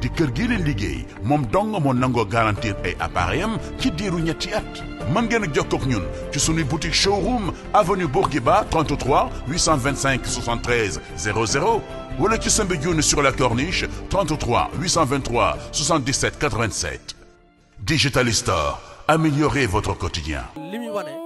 di kër gi leen liggéey moom dong moo nangoo garantir ay appareil am ci diiru ñetti at mën ngeen a jokkoo ak ñun ci suñuy boutique showroom avenue Bourguiba 33 825 73 00 wala ci Soumbédioune sur la corniche 33 823 77 87 Digital Store améliorez votre quotidien. li muy wane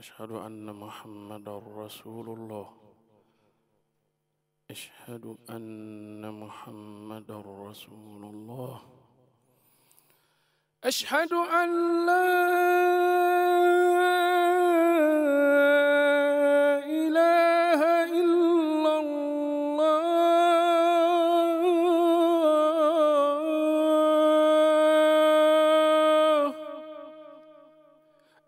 ashhadu anna muhammadan rasulullah ashhadu anna muhammadan rasulullah ashhadu an la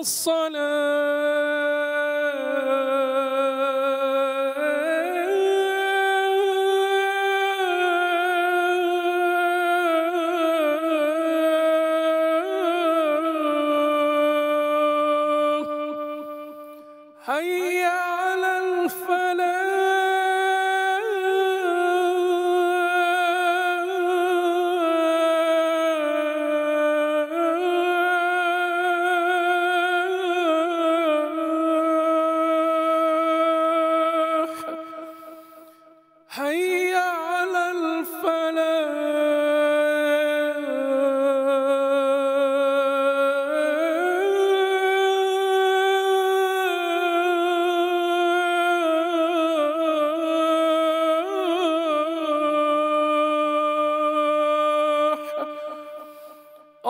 الصلاة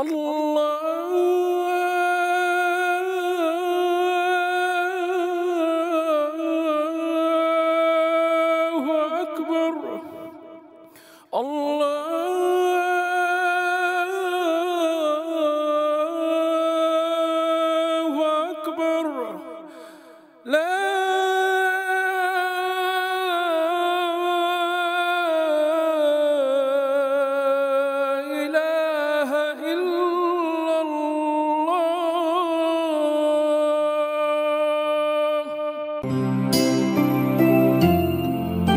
الله